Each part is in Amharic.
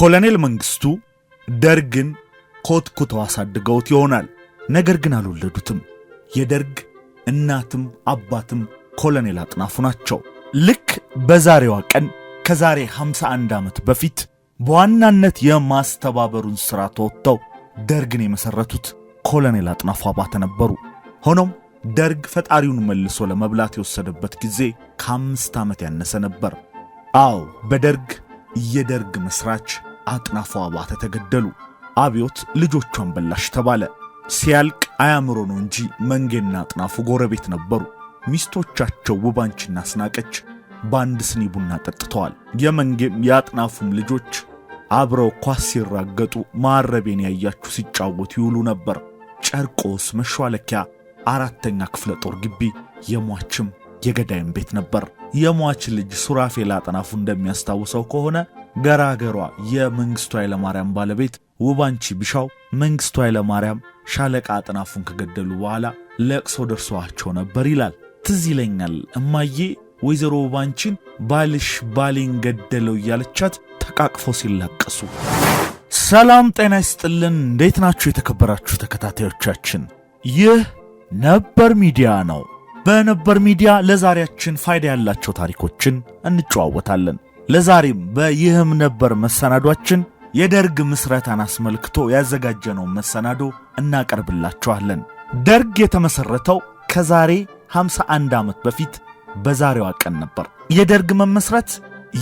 ኮሎኔል መንግስቱ ደርግን ኮትኩተው አሳድገውት ይሆናል። ነገር ግን አልወለዱትም። የደርግ እናትም አባትም ኮሎኔል አጥናፉ ናቸው። ልክ በዛሬዋ ቀን ከዛሬ 51 ዓመት በፊት በዋናነት የማስተባበሩን ሥራ ተወጥተው ደርግን የመሠረቱት ኮሎኔል አጥናፉ አባተ ነበሩ። ሆኖም ደርግ ፈጣሪውን መልሶ ለመብላት የወሰደበት ጊዜ ከአምስት ዓመት ያነሰ ነበር። አዎ በደርግ የደርግ መሥራች አጥናፉ አባተ ተገደሉ። አብዮት ልጆቿን በላሽ ተባለ። ሲያልቅ አያምሮ ነው እንጂ መንጌና አጥናፉ ጎረቤት ነበሩ። ሚስቶቻቸው ውባንችና አስናቀች በአንድ ስኒ ቡና ጠጥተዋል። የመንጌም የአጥናፉም ልጆች አብረው ኳስ ሲራገጡ ማረቤን ያያችሁ ሲጫወቱ ይውሉ ነበር። ጨርቆስ መሿለኪያ አራተኛ ክፍለ ጦር ግቢ የሟችም የገዳይም ቤት ነበር። የሟች ልጅ ሱራፌል አጥናፉ እንደሚያስታውሰው ከሆነ ገራገሯ የመንግስቱ ኃይለማርያም ባለቤት ውባንቺ ቢሻው መንግስቱ ኃይለማርያም ሻለቃ አጥናፉን ከገደሉ በኋላ ለቅሶ ደርሷቸው ነበር ይላል። ትዝ ይለኛል እማዬ ወይዘሮ ውባንቺን ባልሽ ባሌን ገደለው እያለቻት ተቃቅፎ ሲላቀሱ። ሰላም ጤና ይስጥልን። እንዴት ናችሁ የተከበራችሁ ተከታታዮቻችን? ይህ ነበር ሚዲያ ነው። በነበር ሚዲያ ለዛሬያችን ፋይዳ ያላቸው ታሪኮችን እንጨዋወታለን። ለዛሬም በይህም ነበር መሰናዷችን የደርግ ምስረታን አስመልክቶ ያዘጋጀነውን መሰናዶ እናቀርብላችኋለን። ደርግ የተመሠረተው ከዛሬ 51 ዓመት በፊት በዛሬዋ ቀን ነበር። የደርግ መመስረት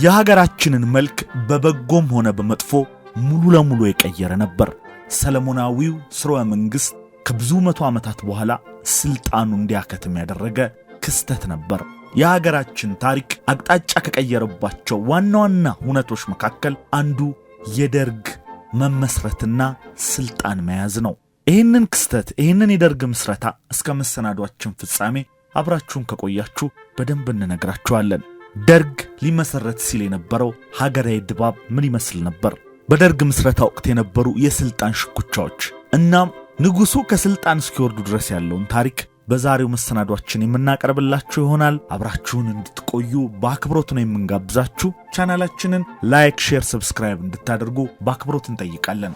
የሀገራችንን መልክ በበጎም ሆነ በመጥፎ ሙሉ ለሙሉ የቀየረ ነበር። ሰለሞናዊው ስርወ መንግሥት ከብዙ መቶ ዓመታት በኋላ ሥልጣኑ እንዲያከትም ያደረገ ክስተት ነበር። የሀገራችን ታሪክ አቅጣጫ ከቀየረባቸው ዋና ዋና እውነቶች መካከል አንዱ የደርግ መመስረትና ስልጣን መያዝ ነው። ይህንን ክስተት ይህንን የደርግ ምስረታ እስከ መሰናዷችን ፍጻሜ አብራችሁን ከቆያችሁ በደንብ እንነግራችኋለን። ደርግ ሊመሰረት ሲል የነበረው ሀገራዊ ድባብ ምን ይመስል ነበር? በደርግ ምስረታ ወቅት የነበሩ የስልጣን ሽኩቻዎች እናም ንጉሱ ከስልጣን እስኪወርዱ ድረስ ያለውን ታሪክ በዛሬው መሰናዷችን የምናቀርብላችሁ ይሆናል። አብራችሁን እንድትቆዩ በአክብሮት ነው የምንጋብዛችሁ። ቻናላችንን ላይክ፣ ሼር፣ ሰብስክራይብ እንድታደርጉ በአክብሮት እንጠይቃለን።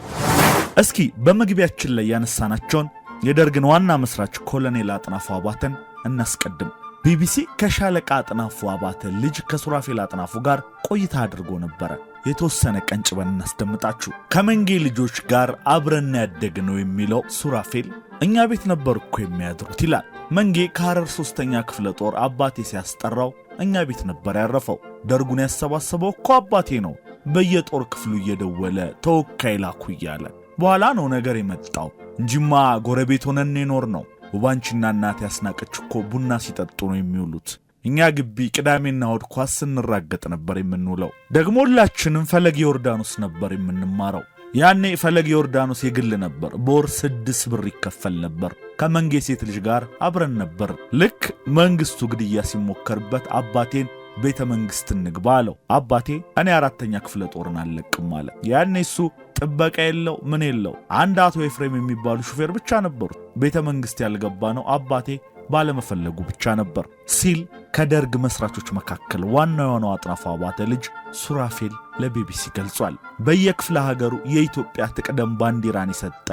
እስኪ በመግቢያችን ላይ ያነሳናቸውን የደርግን ዋና መስራች ኮሎኔል አጥናፉ አባተን እናስቀድም። ቢቢሲ ከሻለቃ አጥናፉ አባተ ልጅ ከሱራፌል አጥናፉ ጋር ቆይታ አድርጎ ነበረ። የተወሰነ ቀን ጭበን እናስደምጣችሁ። ከመንጌ ልጆች ጋር አብረን ያደግነው የሚለው ሱራፌል እኛ ቤት ነበር እኮ የሚያድሩት ይላል። መንጌ ከሐረር ሦስተኛ ክፍለ ጦር አባቴ ሲያስጠራው እኛ ቤት ነበር ያረፈው። ደርጉን ያሰባሰበው እኮ አባቴ ነው። በየጦር ክፍሉ እየደወለ ተወካይ ላኩ እያለ በኋላ ነው ነገር የመጣው እንጂማ ጎረቤት ሆነን የኖር ነው። ውባንቺና እናቴ ያስናቀች እኮ ቡና ሲጠጡ ነው የሚውሉት። እኛ ግቢ ቅዳሜና እሁድ ኳስ ስንራገጥ ነበር የምንውለው። ደግሞ ሁላችንም ፈለግ ዮርዳኖስ ነበር የምንማረው። ያኔ ፈለግ ዮርዳኖስ የግል ነበር። በወር ስድስት ብር ይከፈል ነበር። ከመንጌ ሴት ልጅ ጋር አብረን ነበር። ልክ መንግስቱ ግድያ ሲሞከርበት አባቴን ቤተ መንግስት እንግባ አለው። አባቴ እኔ አራተኛ ክፍለ ጦርን አልለቅም አለ። ያኔ እሱ ጥበቃ የለው ምን የለው። አንድ አቶ ኤፍሬም የሚባሉ ሹፌር ብቻ ነበሩት። ቤተ መንግስት ያልገባ ነው አባቴ ባለመፈለጉ ብቻ ነበር ሲል ከደርግ መስራቾች መካከል ዋና የሆነው አጥናፉ አባተ ልጅ ሱራፌል ለቢቢሲ ገልጿል። በየክፍለ ሀገሩ የኢትዮጵያ ትቅደም ባንዲራን የሰጠ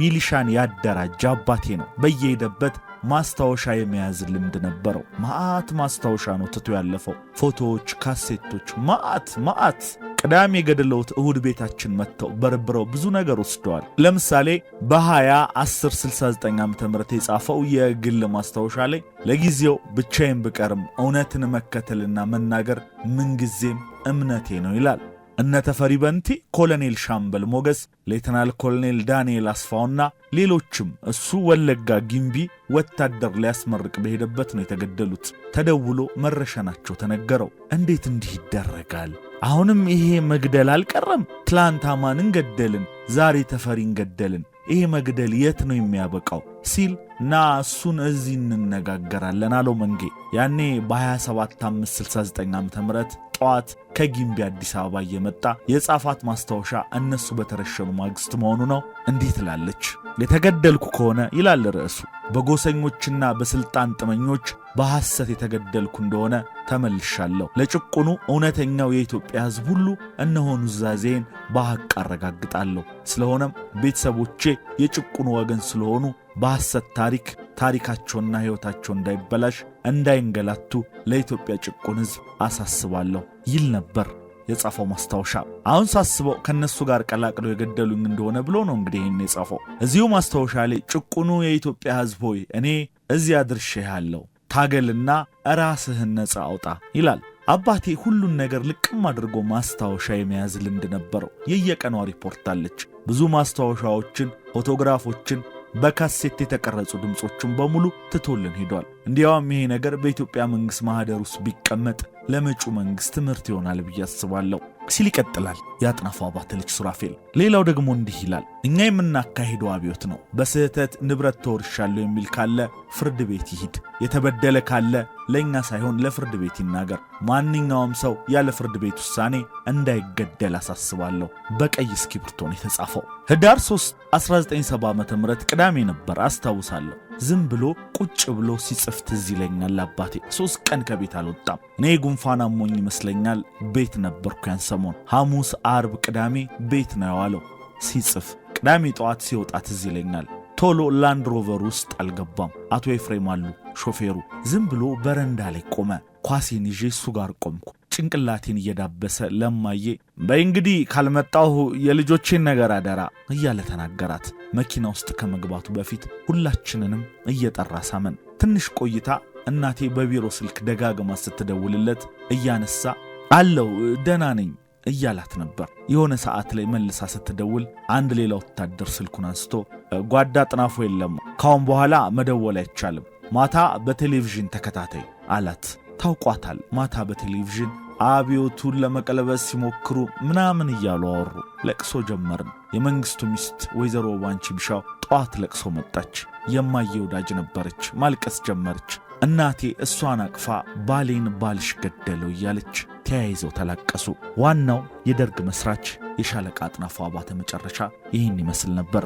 ሚሊሻን ያደራጀ አባቴ ነው። በየሄደበት ማስታወሻ የመያዝ ልምድ ነበረው። ማአት ማስታወሻ ነው ትቶ ያለፈው። ፎቶዎች፣ ካሴቶች ማአት ማአት። ቅዳሜ የገደለውት እሁድ ቤታችን መጥተው በርብረው ብዙ ነገር ወስደዋል። ለምሳሌ በ20 1069 ዓ ም የጻፈው የግል ማስታወሻ ላይ ለጊዜው ብቻዬን ብቀርም እውነትን መከተልና መናገር ምንጊዜም እምነቴ ነው ይላል። እነ ተፈሪ በንቲ፣ ኮሎኔል ሻምበል ሞገስ፣ ሌተናል ኮሎኔል ዳንኤል አስፋውና ሌሎችም እሱ ወለጋ ጊምቢ ወታደር ሊያስመርቅ በሄደበት ነው የተገደሉት። ተደውሎ መረሸናቸው ተነገረው። እንዴት እንዲህ ይደረጋል? አሁንም ይሄ መግደል አልቀረም። ትላንት አማንን ገደልን፣ ዛሬ ተፈሪን ገደልን። ይሄ መግደል የት ነው የሚያበቃው? ሲል ና እሱን እዚህ እንነጋገራለን አለው መንጌ። ያኔ በ 27569 ዓ ም ጠዋት ከጊምቢ አዲስ አበባ እየመጣ የጻፋት ማስታወሻ እነሱ በተረሸኑ ማግስት መሆኑ ነው። እንዲህ ትላለች። የተገደልኩ ከሆነ ይላል ርዕሱ፣ በጎሰኞችና በስልጣን ጥመኞች በሐሰት የተገደልኩ እንደሆነ ተመልሻለሁ። ለጭቁኑ እውነተኛው የኢትዮጵያ ሕዝብ ሁሉ እነሆ ኑዛዜን በሐቅ አረጋግጣለሁ። ስለሆነም ቤተሰቦቼ የጭቁኑ ወገን ስለሆኑ በሐሰት ታሪክ ታሪካቸውና ሕይወታቸው እንዳይበላሽ፣ እንዳይንገላቱ ለኢትዮጵያ ጭቁን ሕዝብ አሳስባለሁ ይል ነበር የጻፈው ማስታወሻ። አሁን ሳስበው ከእነሱ ጋር ቀላቅለው የገደሉኝ እንደሆነ ብሎ ነው እንግዲህ ይህን የጻፈው። እዚሁ ማስታወሻ ላይ ጭቁኑ የኢትዮጵያ ሕዝብ ሆይ እኔ እዚያ ያለው ታገልና ራስህን ነፃ አውጣ ይላል። አባቴ ሁሉን ነገር ልቅም አድርጎ ማስታወሻ የመያዝ ልምድ ነበረው። የየቀኗ ሪፖርት አለች። ብዙ ማስታወሻዎችን፣ ፎቶግራፎችን በካሴት የተቀረጹ ድምፆቹን በሙሉ ትቶልን ሄዷል። እንዲያውም ይሄ ነገር በኢትዮጵያ መንግሥት ማኅደር ውስጥ ቢቀመጥ ለመጪው መንግሥት ትምህርት ይሆናል ብዬ አስባለሁ ሲል ይቀጥላል የአጥናፉ አባተ ልጅ ሱራፌል። ሌላው ደግሞ እንዲህ ይላል። እኛ የምናካሂደው አብዮት ነው። በስህተት ንብረት ተወርሻለሁ የሚል ካለ ፍርድ ቤት ይሂድ። የተበደለ ካለ ለእኛ ሳይሆን ለፍርድ ቤት ይናገር። ማንኛውም ሰው ያለ ፍርድ ቤት ውሳኔ እንዳይገደል አሳስባለሁ። በቀይ እስክሪብቶ ነው የተጻፈው። ህዳር 3 1970 ዓ ም ቅዳሜ ነበር አስታውሳለሁ። ዝም ብሎ ቁጭ ብሎ ሲጽፍ ትዝ ይለኛል አባቴ። ሶስት ቀን ከቤት አልወጣም። እኔ ጉንፋን አሞኝ ይመስለኛል ቤት ነበርኩ ያን ሰሞን። ሐሙስ፣ አርብ፣ ቅዳሜ ቤት ነው የዋለው ሲጽፍ። ቅዳሜ ጠዋት ሲወጣ ትዝ ይለኛል ቶሎ ላንድ ሮቨር ውስጥ አልገባም። አቶ ኤፍሬም አሉ ሾፌሩ። ዝም ብሎ በረንዳ ላይ ቆመ። ኳሴን ይዤ እሱ ጋር ቆምኩ። ጭንቅላቴን እየዳበሰ ለማዬ በይ እንግዲህ ካልመጣሁ የልጆቼን ነገር አደራ እያለ ተናገራት። መኪና ውስጥ ከመግባቱ በፊት ሁላችንንም እየጠራ ሳመን። ትንሽ ቆይታ እናቴ በቢሮ ስልክ ደጋግማ ስትደውልለት እያነሳ አለው ደህና ነኝ እያላት ነበር። የሆነ ሰዓት ላይ መልሳ ስትደውል አንድ ሌላ ወታደር ስልኩን አንስቶ ጓዳ ጥናፎ የለም፣ ካሁን በኋላ መደወል አይቻልም፣ ማታ በቴሌቪዥን ተከታታይ አላት። ታውቋታል። ማታ በቴሌቪዥን አብዮቱን ለመቀለበስ ሲሞክሩ ምናምን እያሉ አወሩ። ለቅሶ ጀመርን። የመንግሥቱ ሚስት ወይዘሮ ባንቺ ቢሻው ጠዋት ለቅሶ መጣች። የማየ ወዳጅ ነበረች። ማልቀስ ጀመረች። እናቴ እሷን አቅፋ ባሌን ባልሽ ገደለው እያለች ተያይዘው ተላቀሱ። ዋናው የደርግ መሥራች የሻለቃ አጥናፉ አባተ መጨረሻ ይህን ይመስል ነበር።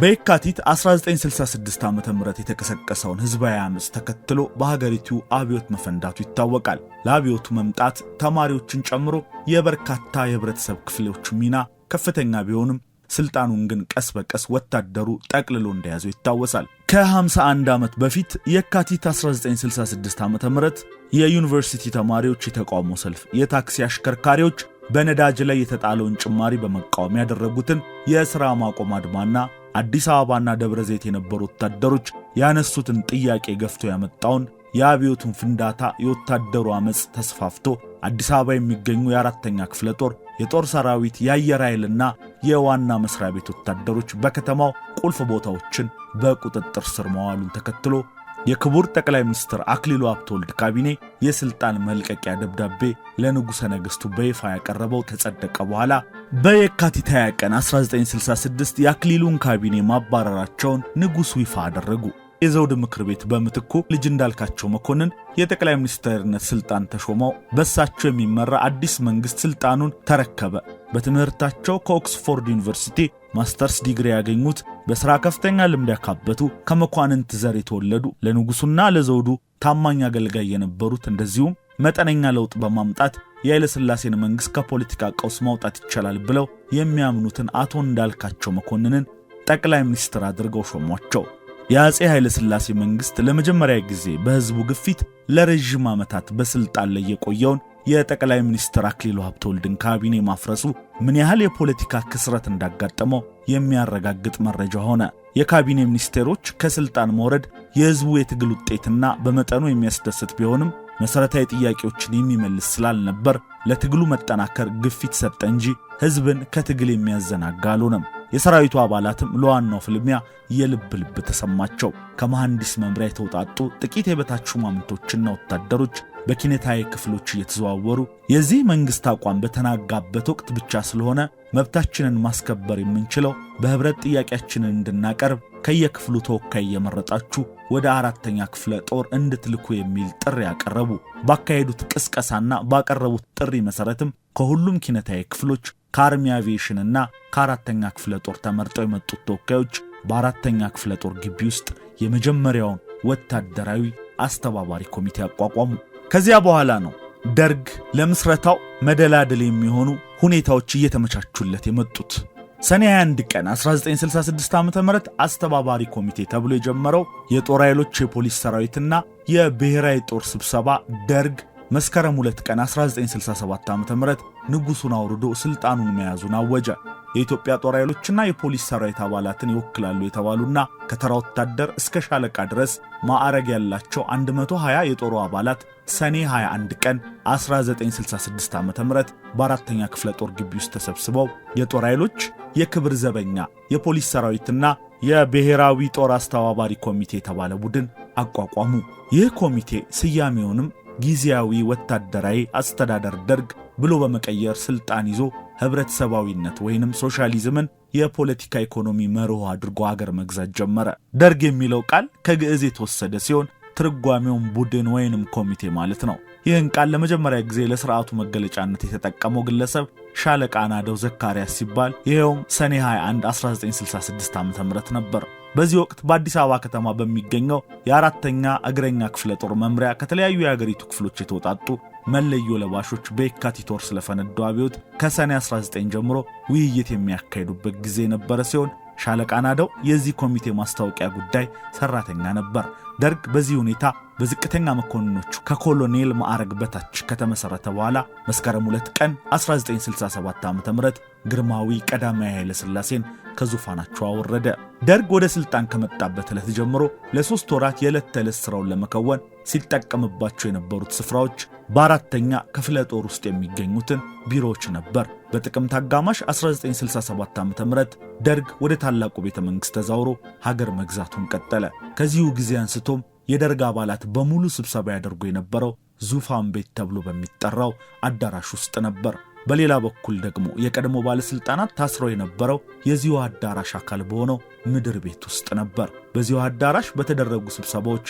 በየካቲት 1966 ዓ ም የተቀሰቀሰውን ህዝባዊ አመፅ ተከትሎ በሀገሪቱ አብዮት መፈንዳቱ ይታወቃል። ለአብዮቱ መምጣት ተማሪዎችን ጨምሮ የበርካታ የህብረተሰብ ክፍሎች ሚና ከፍተኛ ቢሆንም ስልጣኑን ግን ቀስ በቀስ ወታደሩ ጠቅልሎ እንደያዘው ይታወሳል። ከ51 ዓመት በፊት የካቲት 1966 ዓ ም የዩኒቨርሲቲ ተማሪዎች የተቃውሞ ሰልፍ፣ የታክሲ አሽከርካሪዎች በነዳጅ ላይ የተጣለውን ጭማሪ በመቃወም ያደረጉትን የሥራ ማቆም አድማና አዲስ አበባና ደብረ ዘይት የነበሩ ወታደሮች ያነሱትን ጥያቄ ገፍቶ ያመጣውን የአብዮቱን ፍንዳታ የወታደሩ አመጽ ተስፋፍቶ አዲስ አበባ የሚገኙ የአራተኛ ክፍለ ጦር የጦር ሰራዊት የአየር ኃይልና የዋና መስሪያ ቤት ወታደሮች በከተማው ቁልፍ ቦታዎችን በቁጥጥር ስር መዋሉን ተከትሎ የክቡር ጠቅላይ ሚኒስትር አክሊሉ ሀብተወልድ ካቢኔ የሥልጣን መልቀቂያ ደብዳቤ ለንጉሠ ነገሥቱ በይፋ ያቀረበው ተጸደቀ በኋላ በየካቲት 20 ቀን 1966 የአክሊሉን ካቢኔ ማባረራቸውን ንጉሡ ይፋ አደረጉ። የዘውድ ምክር ቤት በምትኩ ልጅ እንዳልካቸው መኮንን የጠቅላይ ሚኒስትርነት ስልጣን ተሾመው በሳቸው የሚመራ አዲስ መንግስት ስልጣኑን ተረከበ። በትምህርታቸው ከኦክስፎርድ ዩኒቨርሲቲ ማስተርስ ዲግሪ ያገኙት በሥራ ከፍተኛ ልምድ ያካበቱ ከመኳንንት ዘር የተወለዱ ለንጉሡና ለዘውዱ ታማኝ አገልጋይ የነበሩት እንደዚሁም መጠነኛ ለውጥ በማምጣት የኃይለሥላሴን መንግሥት ከፖለቲካ ቀውስ ማውጣት ይቻላል ብለው የሚያምኑትን አቶ እንዳልካቸው መኮንንን ጠቅላይ ሚኒስትር አድርገው ሾሟቸው። የአፄ ስላሴ መንግሥት ለመጀመሪያ ጊዜ በሕዝቡ ግፊት ለረዥም ዓመታት በሥልጣን ላይ የቆየውን የጠቅላይ ሚኒስትር አክሊሉ ሀብተወልድን ካቢኔ ማፍረሱ ምን ያህል የፖለቲካ ክስረት እንዳጋጠመው የሚያረጋግጥ መረጃ ሆነ። የካቢኔ ሚኒስቴሮች ከስልጣን መውረድ የህዝቡ የትግል ውጤትና በመጠኑ የሚያስደስት ቢሆንም መሠረታዊ ጥያቄዎችን የሚመልስ ስላልነበር ለትግሉ መጠናከር ግፊት ሰጠ እንጂ ህዝብን ከትግል የሚያዘናጋ አልሆነም። የሰራዊቱ አባላትም ለዋናው ፍልሚያ የልብ ልብ ተሰማቸው። ከመሐንዲስ መምሪያ የተውጣጡ ጥቂት የበታች ሹማምንቶችና ወታደሮች በኪነታዊ ክፍሎች እየተዘዋወሩ የዚህ መንግሥት አቋም በተናጋበት ወቅት ብቻ ስለሆነ መብታችንን ማስከበር የምንችለው በኅብረት ጥያቄያችንን እንድናቀርብ ከየክፍሉ ተወካይ እየመረጣችሁ ወደ አራተኛ ክፍለ ጦር እንድትልኩ የሚል ጥሪ ያቀረቡ። ባካሄዱት ቅስቀሳና ባቀረቡት ጥሪ መሠረትም ከሁሉም ኪነታዊ ክፍሎች ከአርሚ አቪዬሽን እና ከአራተኛ ክፍለ ጦር ተመርጠው የመጡት ተወካዮች በአራተኛ ክፍለ ጦር ግቢ ውስጥ የመጀመሪያውን ወታደራዊ አስተባባሪ ኮሚቴ አቋቋሙ። ከዚያ በኋላ ነው ደርግ ለምስረታው መደላደል የሚሆኑ ሁኔታዎች እየተመቻቹለት የመጡት። ሰኔ 21 ቀን 1966 ዓ ም አስተባባሪ ኮሚቴ ተብሎ የጀመረው የጦር ኃይሎች የፖሊስ ሰራዊትና የብሔራዊ ጦር ስብሰባ ደርግ መስከረም 2 ቀን 1967 ዓ.ም ንጉሱን አውርዶ ስልጣኑን መያዙን አወጀ። የኢትዮጵያ ጦር ኃይሎችና የፖሊስ ሰራዊት አባላትን ይወክላሉ የተባሉና ከተራ ወታደር እስከ ሻለቃ ድረስ ማዕረግ ያላቸው 120 የጦሩ አባላት ሰኔ 21 ቀን 1966 ዓ.ም በአራተኛ ክፍለ ጦር ግቢ ውስጥ ተሰብስበው የጦር ኃይሎች የክብር ዘበኛ የፖሊስ ሰራዊትና የብሔራዊ ጦር አስተባባሪ ኮሚቴ የተባለ ቡድን አቋቋሙ። ይህ ኮሚቴ ስያሜውንም ጊዜያዊ ወታደራዊ አስተዳደር ደርግ ብሎ በመቀየር ስልጣን ይዞ ህብረተሰባዊነት ወይንም ሶሻሊዝምን የፖለቲካ ኢኮኖሚ መርሆ አድርጎ አገር መግዛት ጀመረ። ደርግ የሚለው ቃል ከግዕዝ የተወሰደ ሲሆን ትርጓሜውን ቡድን ወይንም ኮሚቴ ማለት ነው። ይህን ቃል ለመጀመሪያ ጊዜ ለስርዓቱ መገለጫነት የተጠቀመው ግለሰብ ሻለቃ ናደው ዘካርያስ ሲባል ይኸውም ሰኔ 21 1966 ዓ ም ነበር። በዚህ ወቅት በአዲስ አበባ ከተማ በሚገኘው የአራተኛ እግረኛ ክፍለ ጦር መምሪያ ከተለያዩ የአገሪቱ ክፍሎች የተውጣጡ መለዮ ለባሾች በየካቲት ወር ስለፈነዳው አብዮት ከሰኔ 19 ጀምሮ ውይይት የሚያካሂዱበት ጊዜ የነበረ ሲሆን ሻለቃ ናደው የዚህ ኮሚቴ ማስታወቂያ ጉዳይ ሰራተኛ ነበር። ደርግ በዚህ ሁኔታ በዝቅተኛ መኮንኖቹ ከኮሎኔል ማዕረግ በታች ከተመሠረተ በኋላ መስከረም 2 ቀን 1967 ዓ ም ግርማዊ ቀዳማዊ ኃይለ ሥላሴን ከዙፋናቸው አወረደ። ደርግ ወደ ሥልጣን ከመጣበት ዕለት ጀምሮ ለሦስት ወራት የዕለት ተዕለት ሥራውን ለመከወን ሲጠቀምባቸው የነበሩት ስፍራዎች በአራተኛ ክፍለ ጦር ውስጥ የሚገኙትን ቢሮዎች ነበር። በጥቅምት አጋማሽ 1967 ዓ.ም ደርግ ወደ ታላቁ ቤተ መንግሥት ተዛውሮ ሀገር መግዛቱን ቀጠለ። ከዚሁ ጊዜ አንስቶም የደርግ አባላት በሙሉ ስብሰባ ያደርጉ የነበረው ዙፋን ቤት ተብሎ በሚጠራው አዳራሽ ውስጥ ነበር። በሌላ በኩል ደግሞ የቀድሞ ባለሥልጣናት ታስረው የነበረው የዚሁ አዳራሽ አካል በሆነው ምድር ቤት ውስጥ ነበር። በዚሁ አዳራሽ በተደረጉ ስብሰባዎች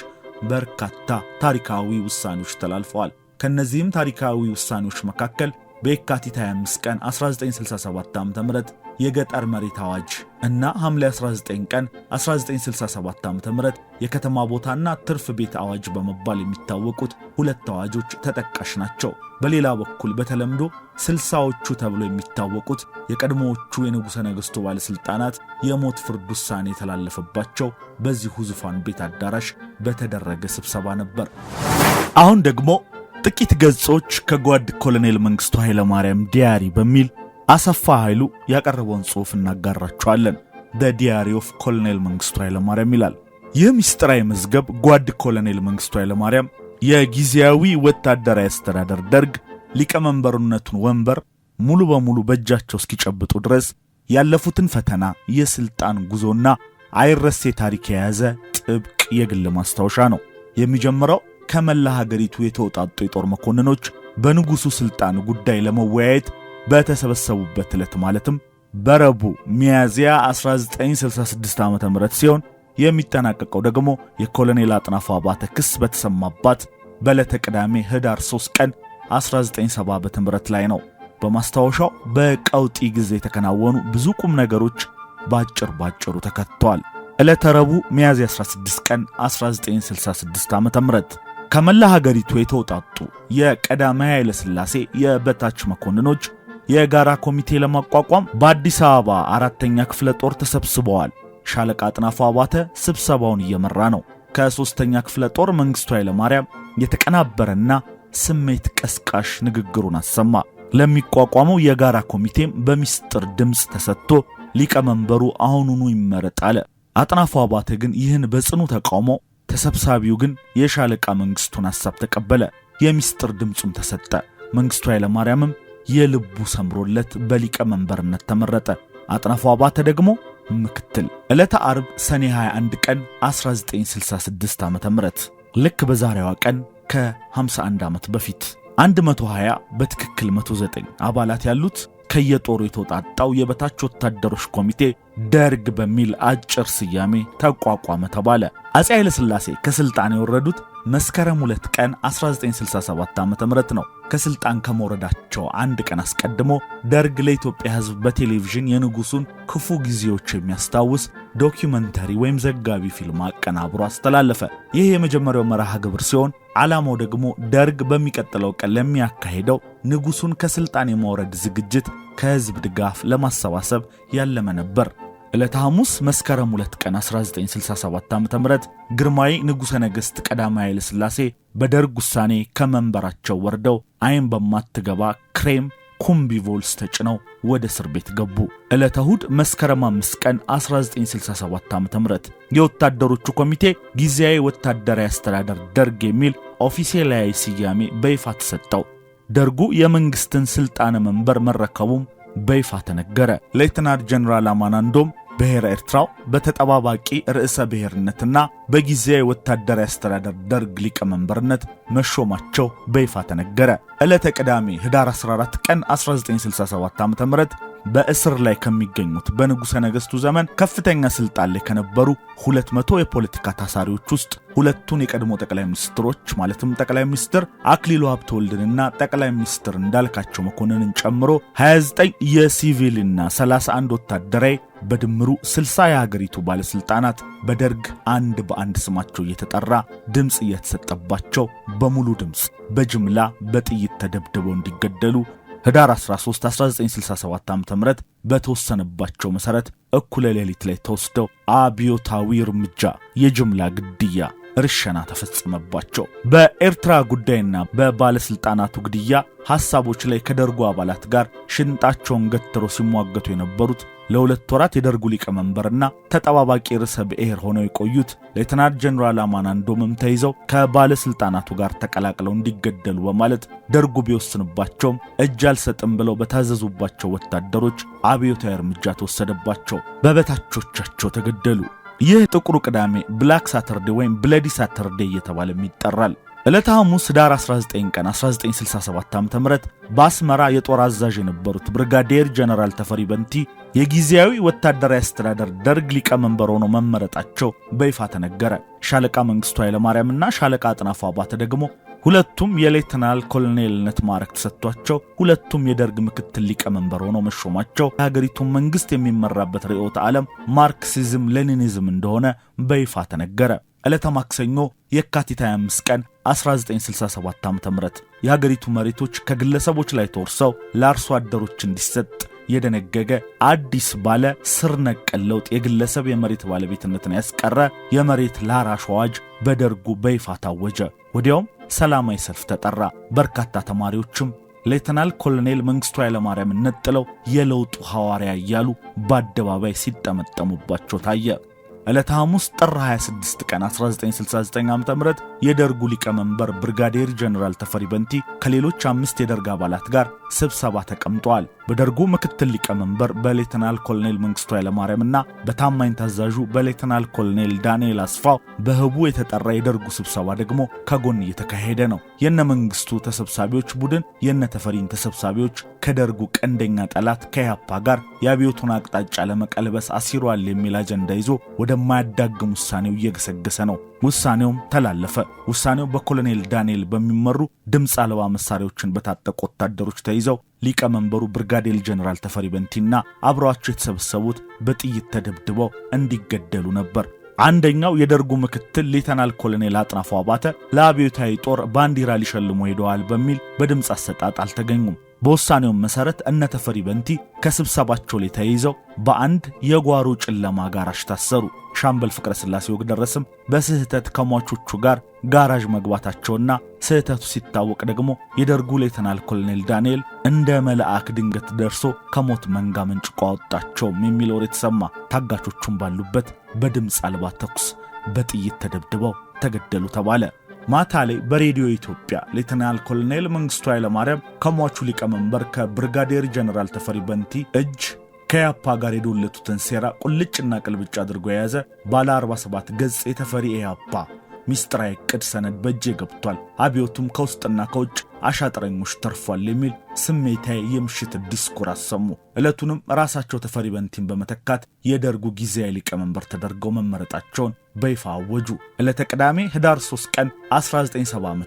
በርካታ ታሪካዊ ውሳኔዎች ተላልፈዋል። ከእነዚህም ታሪካዊ ውሳኔዎች መካከል በየካቲት 25 ቀን 1967 ዓ.ም የገጠር መሬት አዋጅ እና ሐምሌ 19 ቀን 1967 ዓ.ም የከተማ ቦታና ትርፍ ቤት አዋጅ በመባል የሚታወቁት ሁለት አዋጆች ተጠቃሽ ናቸው። በሌላ በኩል በተለምዶ ስልሳዎቹ ተብሎ የሚታወቁት የቀድሞዎቹ የንጉሠ ነገሥቱ ባለሥልጣናት የሞት ፍርድ ውሳኔ የተላለፈባቸው በዚሁ ዙፋን ቤት አዳራሽ በተደረገ ስብሰባ ነበር። አሁን ደግሞ ጥቂት ገጾች ከጓድ ኮሎኔል ኃይለ ኃይለማርያም ዲያሪ በሚል አሰፋ ኃይሉ ያቀረበውን ጽሑፍ እናጋራችኋለን። ደ ዲያሪ ኦፍ ኮሎኔል መንግስቱ ኃይለማርያም ይላል። ይህ ምስጢራዊ መዝገብ ጓድ ኮሎኔል ኃይለ ኃይለማርያም የጊዜያዊ ወታደራዊ አስተዳደር ደርግ ሊቀመንበርነቱን ወንበር ሙሉ በሙሉ በእጃቸው እስኪጨብጡ ድረስ ያለፉትን ፈተና፣ የስልጣን ጉዞና አይረሴ ታሪክ የያዘ ጥብቅ የግል ማስታወሻ ነው። የሚጀምረው ከመላ ሀገሪቱ የተውጣጡ የጦር መኮንኖች በንጉሡ ሥልጣን ጉዳይ ለመወያየት በተሰበሰቡበት ዕለት ማለትም በረቡ ሚያዝያ 1966 ዓ.ም ሲሆን የሚጠናቀቀው ደግሞ የኮሎኔል አጥናፉ አባተ ክስ በተሰማባት በዕለተ ቅዳሜ ህዳር 3 ቀን 1970 ም ላይ ነው። በማስታወሻው በቀውጢ ጊዜ የተከናወኑ ብዙ ቁም ነገሮች ባጭር ባጭሩ ተከትተዋል። ዕለተ ረቡ ሚያዝያ 16 ቀን 1966 ም ከመላ ሀገሪቱ የተውጣጡ የቀዳማዊ ኃይለስላሴ የበታች መኮንኖች የጋራ ኮሚቴ ለማቋቋም በአዲስ አበባ አራተኛ ክፍለ ጦር ተሰብስበዋል። ሻለቃ አጥናፉ አባተ ስብሰባውን እየመራ ነው። ከሦስተኛ ክፍለ ጦር መንግሥቱ ኃይለማርያም የተቀናበረና ስሜት ቀስቃሽ ንግግሩን አሰማ። ለሚቋቋመው የጋራ ኮሚቴም በሚስጥር ድምፅ ተሰጥቶ ሊቀመንበሩ አሁኑኑ ይመረጥ አለ። አጥናፉ አባተ ግን ይህን በጽኑ ተቃውሞ ተሰብሳቢው ግን የሻለቃ መንግስቱን ሐሳብ ተቀበለ። የሚስጥር ድምፁም ተሰጠ። መንግስቱ ኃይለማርያምም የልቡ ሰምሮለት በሊቀ መንበርነት ተመረጠ። አጥናፉ አባተ ደግሞ ምክትል። ዕለተ አርብ ሰኔ 21 ቀን 1966 ዓ ም ልክ በዛሬዋ ቀን ከ51 ዓመት በፊት 120 በትክክል 109 አባላት ያሉት ከየጦሩ የተውጣጣው የበታች ወታደሮች ኮሚቴ ደርግ በሚል አጭር ስያሜ ተቋቋመ ተባለ። አፄ ኃይለሥላሴ ከስልጣን የወረዱት መስከረም 2 ቀን 1967 ዓ.ም ነው። ከስልጣን ከመውረዳቸው አንድ ቀን አስቀድሞ ደርግ ለኢትዮጵያ ሕዝብ በቴሌቪዥን የንጉሱን ክፉ ጊዜዎች የሚያስታውስ ዶኪመንተሪ ወይም ዘጋቢ ፊልም አቀናብሮ አስተላለፈ። ይህ የመጀመሪያው መርሃ ግብር ሲሆን ዓላማው ደግሞ ደርግ በሚቀጥለው ቀን ለሚያካሄደው ንጉሱን ከስልጣን የማውረድ ዝግጅት ከሕዝብ ድጋፍ ለማሰባሰብ ያለመ ነበር። ዕለተ ሐሙስ መስከረም 2 ቀን 1967 ዓ ም ግርማዊ ንጉሠ ነገሥት ቀዳማዊ ኃይለ ሥላሴ በደርግ ውሳኔ ከመንበራቸው ወርደው አይን በማትገባ ክሬም ኩምቢቮልስ ተጭነው ወደ እስር ቤት ገቡ። ዕለተ እሁድ መስከረም 5 ቀን 1967 ዓ ም የወታደሮቹ ኮሚቴ ጊዜያዊ ወታደራዊ አስተዳደር ደርግ የሚል ኦፊሴላዊ ስያሜ በይፋ ተሰጠው። ደርጉ የመንግሥትን ሥልጣነ መንበር መረከቡም በይፋ ተነገረ። ሌትናንት ጀኔራል አማናንዶም ብሔረ ኤርትራው በተጠባባቂ ርዕሰ ብሔርነትና በጊዜያዊ ወታደራዊ አስተዳደር ደርግ ሊቀመንበርነት መሾማቸው በይፋ ተነገረ። ዕለተ ቅዳሜ ህዳር 14 ቀን 1967 ዓ.ም በእስር ላይ ከሚገኙት በንጉሠ ነገሥቱ ዘመን ከፍተኛ ስልጣን ላይ ከነበሩ 200 የፖለቲካ ታሳሪዎች ውስጥ ሁለቱን የቀድሞ ጠቅላይ ሚኒስትሮች ማለትም ጠቅላይ ሚኒስትር አክሊሉ ሀብተወልድንና ጠቅላይ ሚኒስትር እንዳልካቸው መኮንንን ጨምሮ 29 የሲቪልና 31 ወታደራዊ በድምሩ 60 የሀገሪቱ ባለስልጣናት በደርግ አንድ በአንድ ስማቸው እየተጠራ ድምፅ እየተሰጠባቸው በሙሉ ድምፅ በጅምላ በጥይት ተደብድበው እንዲገደሉ ህዳር 13 1967 ዓ ም በተወሰነባቸው መሠረት እኩለ ሌሊት ላይ ተወስደው አብዮታዊ እርምጃ የጅምላ ግድያ እርሸና ተፈጸመባቸው። በኤርትራ ጉዳይና በባለስልጣናቱ ግድያ ሐሳቦች ላይ ከደርጉ አባላት ጋር ሽንጣቸውን ገትረው ሲሟገቱ የነበሩት ለሁለት ወራት የደርጉ ሊቀመንበርና ተጠባባቂ ርዕሰ ብሔር ሆነው የቆዩት ሌተናንት ጀኔራል አማን አንዶምም ተይዘው ከባለሥልጣናቱ ጋር ተቀላቅለው እንዲገደሉ በማለት ደርጉ ቢወስንባቸውም እጅ አልሰጥም ብለው በታዘዙባቸው ወታደሮች አብዮታዊ እርምጃ ተወሰደባቸው። በበታቾቻቸው ተገደሉ። ይህ ጥቁሩ ቅዳሜ ብላክ ሳተርዴ ወይም ብለዲ ሳተርዴ እየተባለም ይጠራል። ዕለተ ሐሙስ ኅዳር 19 ቀን 1967 ዓ ም በአስመራ የጦር አዛዥ የነበሩት ብርጋዴር ጀነራል ተፈሪ በንቲ የጊዜያዊ ወታደራዊ አስተዳደር ደርግ ሊቀመንበር ሆኖ መመረጣቸው በይፋ ተነገረ። ሻለቃ መንግሥቱ ኃይለማርያምና ሻለቃ አጥናፉ አባተ ደግሞ ሁለቱም የሌተናል ኮሎኔልነት ማዕረግ ተሰጥቷቸው ሁለቱም የደርግ ምክትል ሊቀመንበር ሆነው መሾማቸው የሀገሪቱ መንግስት የሚመራበት ርዕዮተ ዓለም ማርክሲዝም ሌኒኒዝም እንደሆነ በይፋ ተነገረ። ዕለተ ማክሰኞ የካቲት 25 ቀን 1967 ዓ ም የሀገሪቱ መሬቶች ከግለሰቦች ላይ ተወርሰው ለአርሶ አደሮች እንዲሰጥ የደነገገ አዲስ ባለ ስር ነቀል ለውጥ የግለሰብ የመሬት ባለቤትነትን ያስቀረ የመሬት ላራሽ አዋጅ በደርጉ በይፋ ታወጀ። ወዲያውም ሰላማዊ ሰልፍ ተጠራ። በርካታ ተማሪዎችም ሌተናል ኮሎኔል መንግስቱ ኃይለማርያም ነጥለው የለውጡ ሐዋርያ እያሉ በአደባባይ ሲጠመጠሙባቸው ታየ። ዕለተ ሐሙስ ጥር 26 ቀን 1969 ዓ.ም የደርጉ ሊቀመንበር ብርጋዴር ጀኔራል ተፈሪ በንቲ ከሌሎች አምስት የደርግ አባላት ጋር ስብሰባ ተቀምጠዋል። በደርጉ ምክትል ሊቀመንበር በሌተናል ኮሎኔል መንግስቱ ኃይለማርያም እና በታማኝ ታዛዡ በሌተናል ኮሎኔል ዳንኤል አስፋው በህቡ የተጠራ የደርጉ ስብሰባ ደግሞ ከጎን እየተካሄደ ነው። የነ መንግስቱ ተሰብሳቢዎች ቡድን የነ ተፈሪን ተሰብሳቢዎች ከደርጉ ቀንደኛ ጠላት ከያፓ ጋር የአብዮቱን አቅጣጫ ለመቀልበስ አሲሯል የሚል አጀንዳ ይዞ ወደማያዳግም ውሳኔው እየገሰገሰ ነው። ውሳኔውም ተላለፈ። ውሳኔው በኮሎኔል ዳንኤል በሚመሩ ድምፅ አልባ መሳሪያዎችን በታጠቁ ወታደሮች ተይዘው ሊቀመንበሩ ብርጋዴር ጀነራል ተፈሪ በንቲና አብረዋቸው የተሰበሰቡት በጥይት ተደብድበው እንዲገደሉ ነበር። አንደኛው የደርጉ ምክትል ሌተናል ኮሎኔል አጥናፉ አባተ ለአብዮታዊ ጦር ባንዲራ ሊሸልሙ ሄደዋል በሚል በድምፅ አሰጣጥ አልተገኙም። በውሳኔውም መሠረት እነ ተፈሪ በንቲ ከስብሰባቸው ላይ ተይዘው በአንድ የጓሮ ጨለማ ጋራዥ ታሰሩ። ሻምበል ፍቅረ ሥላሴ ደረስም በስህተት ከሟቾቹ ጋር ጋራዥ መግባታቸውና ስህተቱ ሲታወቅ ደግሞ የደርጉ ሌተናል ኮሎኔል ዳንኤል እንደ መልአክ ድንገት ደርሶ ከሞት መንጋ መንጭቆ አወጣቸውም የሚል ወሬ የተሰማ። ታጋቾቹም ባሉበት በድምፅ አልባ ተኩስ በጥይት ተደብድበው ተገደሉ ተባለ። ማታ ላይ በሬዲዮ ኢትዮጵያ ሌተናል ኮሎኔል መንግስቱ ኃይለማርያም ከሟቹ ሊቀመንበር ከብርጋዴር ጀነራል ተፈሪ በንቲ እጅ ከያፓ ጋር የዶለቱትን ሴራ ቁልጭና ቅልብጭ አድርጎ የያዘ ባለ 47 ገጽ የተፈሪ ኢያፓ ሚስጥራዊ ዕቅድ ሰነድ በእጄ ገብቷል። አብዮቱም ከውስጥና ከውጭ አሻጥረኞች ተርፏል የሚል ስሜታዊ የምሽት ዲስኩር አሰሙ። ዕለቱንም ራሳቸው ተፈሪ በንቲን በመተካት የደርጉ ጊዜያዊ ሊቀመንበር ተደርገው መመረጣቸውን በይፋ አወጁ። ዕለተ ቅዳሜ ህዳር 3 ቀን 197 ዓ ም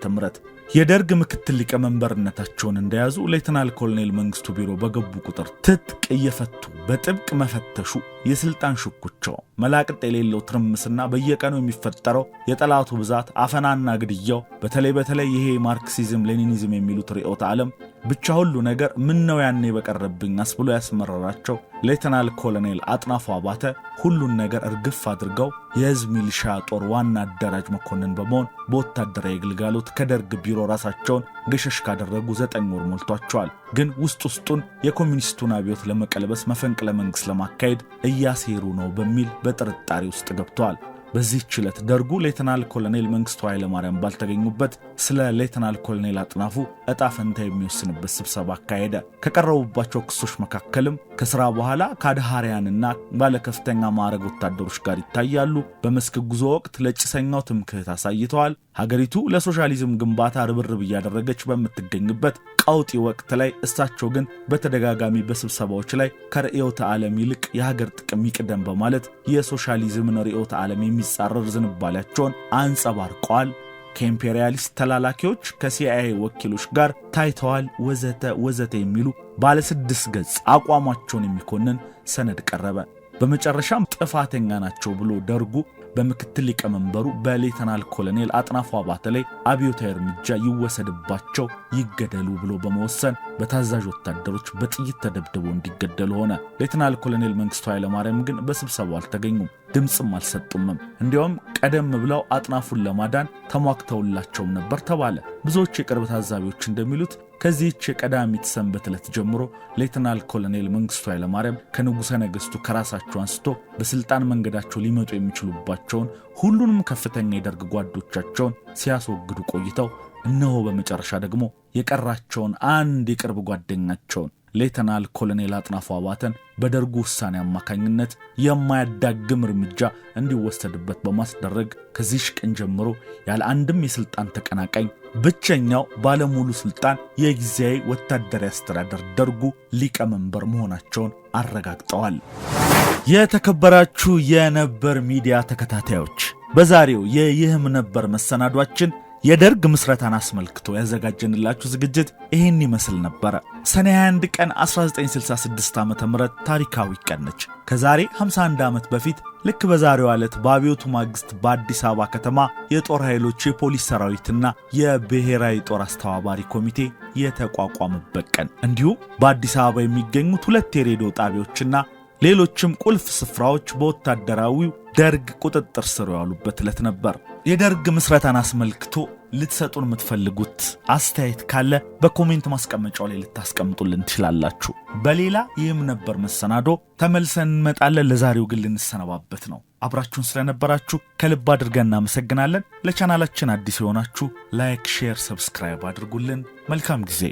የደርግ ምክትል ሊቀመንበርነታቸውን እንደያዙ ሌተናል ኮሎኔል መንግስቱ ቢሮ በገቡ ቁጥር ትጥቅ እየፈቱ በጥብቅ መፈተሹ የሥልጣን ሽኩቻው መላቅጥ የሌለው ትርምስና በየቀኑ የሚፈጠረው የጠላቱ ብዛት፣ አፈናና ግድያው፣ በተለይ በተለይ ይሄ ማርክሲዝም ሌኒኒዝም የሚሉት ርዕዮተ ዓለም ብቻ ሁሉ ነገር ምን ነው ያኔ በቀረብኝ አስብሎ ያስመረራቸው ሌተናል ኮሎኔል አጥናፉ አባተ ሁሉን ነገር እርግፍ አድርገው የህዝብ ሚሊሻ ጦር ዋና አደራጅ መኮንን በመሆን በወታደራዊ ግልጋሎት ከደርግ ቢሮ ራሳቸውን ገሸሽ ካደረጉ ዘጠኝ ወር ሞልቷቸዋል። ግን ውስጥ ውስጡን የኮሚኒስቱን አብዮት ለመቀልበስ መፈንቅለ መንግሥት ለማካሄድ እያሴሩ ነው በሚል በጥርጣሬ ውስጥ ገብተዋል። በዚህች ዕለት ደርጉ ሌተናል ኮሎኔል መንግስቱ ኃይለማርያም ባልተገኙበት ስለ ሌተናል ኮሎኔል አጥናፉ እጣ ፈንታ የሚወስንበት ስብሰባ አካሄደ። ከቀረቡባቸው ክሶች መካከልም ከሥራ በኋላ ከአድሃሪያንና ባለከፍተኛ ማዕረግ ወታደሮች ጋር ይታያሉ፣ በመስክ ጉዞ ወቅት ለጭሰኛው ትምክህት አሳይተዋል፣ ሀገሪቱ ለሶሻሊዝም ግንባታ ርብርብ እያደረገች በምትገኝበት ቀውጢ ወቅት ላይ እሳቸው ግን በተደጋጋሚ በስብሰባዎች ላይ ከርዕዮተ ዓለም ይልቅ የሀገር ጥቅም ይቅደም በማለት የሶሻሊዝምን ርዕዮተ ዓለም የሚጻረር ዝንባሌያቸውን አንጸባርቀዋል። ከኢምፔሪያሊስት ተላላኪዎች ከሲአይኤ ወኪሎች ጋር ታይተዋል፣ ወዘተ ወዘተ የሚሉ ባለስድስት ገጽ አቋማቸውን የሚኮንን ሰነድ ቀረበ። በመጨረሻም ጥፋተኛ ናቸው ብሎ ደርጉ በምክትል ሊቀመንበሩ በሌተናል ኮሎኔል አጥናፉ አባተ ላይ አብዮታዊ እርምጃ ይወሰድባቸው፣ ይገደሉ ብሎ በመወሰን በታዛዥ ወታደሮች በጥይት ተደብድበው እንዲገደሉ ሆነ። ሌተናል ኮሎኔል መንግስቱ ኃይለማርያም ግን በስብሰባው አልተገኙም፣ ድምፅም አልሰጡምም። እንዲያውም ቀደም ብለው አጥናፉን ለማዳን ተሟግተውላቸውም ነበር ተባለ። ብዙዎች የቅርብ ታዛቢዎች እንደሚሉት ከዚህች የቀዳሚት ሰንበት ዕለት ጀምሮ ሌተናል ኮሎኔል መንግሥቱ ኃይለማርያም ከንጉሠ ነገሥቱ ከራሳቸው አንስቶ በሥልጣን መንገዳቸው ሊመጡ የሚችሉባቸውን ሁሉንም ከፍተኛ የደርግ ጓዶቻቸውን ሲያስወግዱ ቆይተው እነሆ በመጨረሻ ደግሞ የቀራቸውን አንድ የቅርብ ጓደኛቸውን ሌተናል ኮሎኔል አጥናፉ አባተን በደርጉ ውሳኔ አማካኝነት የማያዳግም እርምጃ እንዲወሰድበት በማስደረግ ከዚሽ ቀን ጀምሮ ያለ አንድም የሥልጣን ተቀናቃኝ ብቸኛው ባለሙሉ ስልጣን የጊዜያዊ ወታደራዊ አስተዳደር ደርጉ ሊቀመንበር መሆናቸውን አረጋግጠዋል። የተከበራችሁ የነበር ሚዲያ ተከታታዮች በዛሬው የይህም ነበር መሰናዷችን የደርግ ምስረታን አስመልክቶ ያዘጋጀንላችሁ ዝግጅት ይህን ይመስል ነበረ። ሰኔ 21 ቀን 1966 ዓ ም ታሪካዊ ቀን ነች። ከዛሬ 51 ዓመት በፊት ልክ በዛሬው ዕለት በአብዮቱ ማግስት በአዲስ አበባ ከተማ የጦር ኃይሎች የፖሊስ ሰራዊትና የብሔራዊ ጦር አስተባባሪ ኮሚቴ የተቋቋመበት ቀን እንዲሁም በአዲስ አበባ የሚገኙት ሁለት የሬዲዮ ጣቢያዎችና ሌሎችም ቁልፍ ስፍራዎች በወታደራዊው ደርግ ቁጥጥር ስር የዋሉበት ዕለት ነበር። የደርግ ምስረታን አስመልክቶ ልትሰጡን የምትፈልጉት አስተያየት ካለ በኮሜንት ማስቀመጫው ላይ ልታስቀምጡልን ትችላላችሁ። በሌላ ይህም ነበር መሰናዶ ተመልሰን እንመጣለን። ለዛሬው ግን ልንሰነባበት ነው። አብራችሁን ስለነበራችሁ ከልብ አድርገን እናመሰግናለን። ለቻናላችን አዲስ የሆናችሁ ላይክ፣ ሼር፣ ሰብስክራይብ አድርጉልን። መልካም ጊዜ